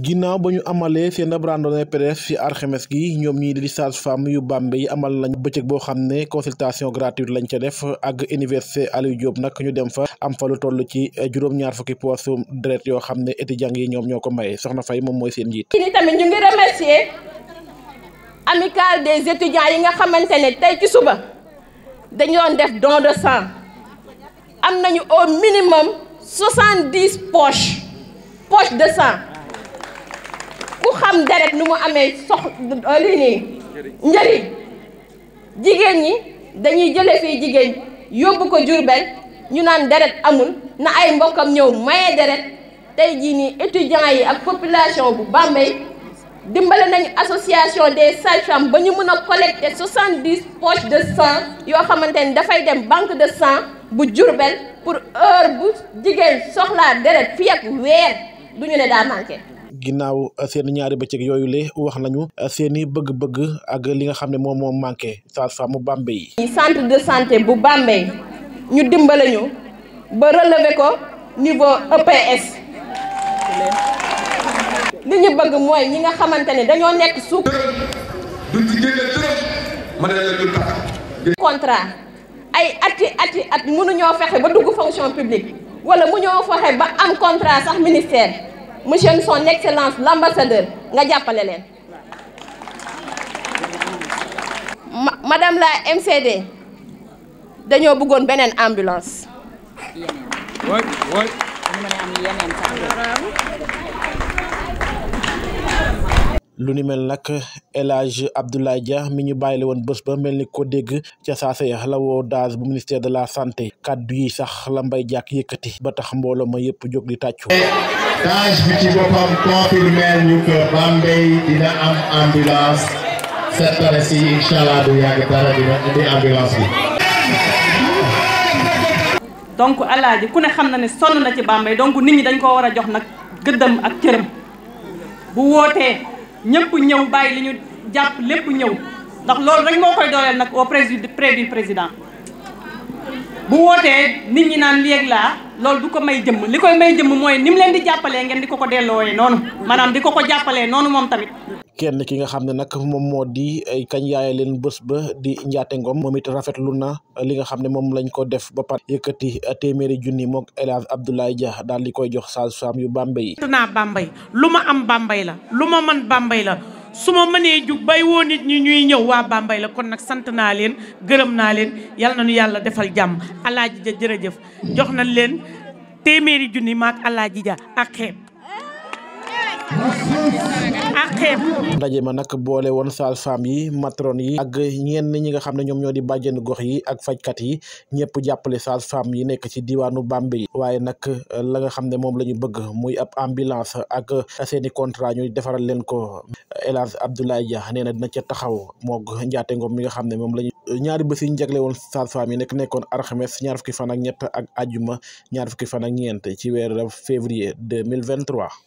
ginnaaw ba ñu amalee seen ab randonnée pédestre ci alxames gi ñoom ñii di sages-femmes yu Bambey yi amal nañu bëccëg boo xam ne consultation gratuite lañ ca def ak université Aliou Diop nag ñu dem fa am fa lu toll ci juróom fukki poche deret yoo xam ne étudiants yi ñoom ñoo ko may soxna fay moom mooy seen njiit. ni tamit ñu ngi remercier amicale des étudiants yi nga xamante ne tey ci suba dañu doon def am nañu au minimum poche de sang. ku xam deret ni mu amee sox lii nii njëriñ jigéen ñi dañuy jële fi jigéen yóbbu ko Jurbel ñu naan deret amul na ay mbokkam ñëw maye deret tey jii nii étudiants yi ak population bu Bambey dimbale nañu association des sages ba ñu mën a collecter soixante dix poches de sang yoo xamante ni dafay dem banque de sang bu Jurbel pour heure bu jigéen soxlaa deret fii ak weer du ñu ne daa manqué ginnaaw uh, seen ñaari bëccëg yooyu le wax nañu uh, seen i bëgg-bëgg ak li nga xam ne moom moom manqué sage-femme mu yi centre de santé ñu dimbale ñu ba relever ko niveau EPS li ñu bëgg mooy ñi nga xamante dañoo nekk suuf. duñ ay ati ati at mënuñoo fexe ba dugg fonction publique wala mu ñoo fexe ba am contrat sax ministère. monsieur son excellence l' nga jàppale leen madame la MCD dañoo bëggoon beneen ambulance lu ni mel nag El Hadj Abdoulaye mi ñu bàyyile woon bës ba mel ni ko dégg ca saase la woo daas bu ministère de la santé kàddu yi sax la mbay jàkk yëkkati ba tax mbooloo ma yëpp jóg di tàccu Tange bi ci boppam confirmer ñu que Bambey dina am ambulance cette ci incha allah yàgg dara dina ambulance bi. donc alaaji ku ne xam na ne sonn na ci Bambey donc nit ñi dañ koo war a jox nag gëddam ak cëram bu wootee ñëpp ñëw bàyyi li ñu jàpp lépp ñëw ndax loolu rek moo koy dooleel nag au près du président bu wootee nit ñi naan léeg laa. loolu di ko may jëmm li koy may jëmm mooy ni leen di jàppalee ngeen di ko ko dellooyee noonu maanaam di ko ko jàppalee noonu moom tamit. kenn ki nga xam ne nag moom moo di kañ yaaye leen bés ba di njaate ngoom moom it rafetlu na li nga xam ne moom lañ ko def ba pare yëkkati uh, téeméeri junni moog El Hadj Abdoulaye Dia daal di koy jox saa su am yu Bambey. naa Bambey lu ma am Bambey la lu ma mën Bambey la. su ma mënee jug bay woo nit ñi ñuy ñëw waa Bambey la kon nag sant naa leen gërëm naa leen yal na nu yàlla defal jàmm alaaji ja jërëjëf jox na leen téeméeri junni maak alaaji ja ak xeeb ndaje ma nag boole woon saal femme yi matron yi ak ñenn ñi nga xam ne ñoom ñoo di bàjjenu gox yi ak fajkat yi ñëpp jàppale saal femme yi nekk ci diwaanu Bambey waaye nag la nga xam ne moom la ñu bëgg muy ab ambulance ak seeni contrat ñu defaral leen ko El Hadj Abdoulaye Dia nee na dina ca taxaw moog Ndiaté Ngom mi nga xam ne moom la ñu ñaari bés yi ñu jagle woon sages-femmes yi nekk nekkoon alxames ñaar fukki fan ak ñett ak ajuma ñaar fukki fan ak ñeent ci weer février deux mille vingt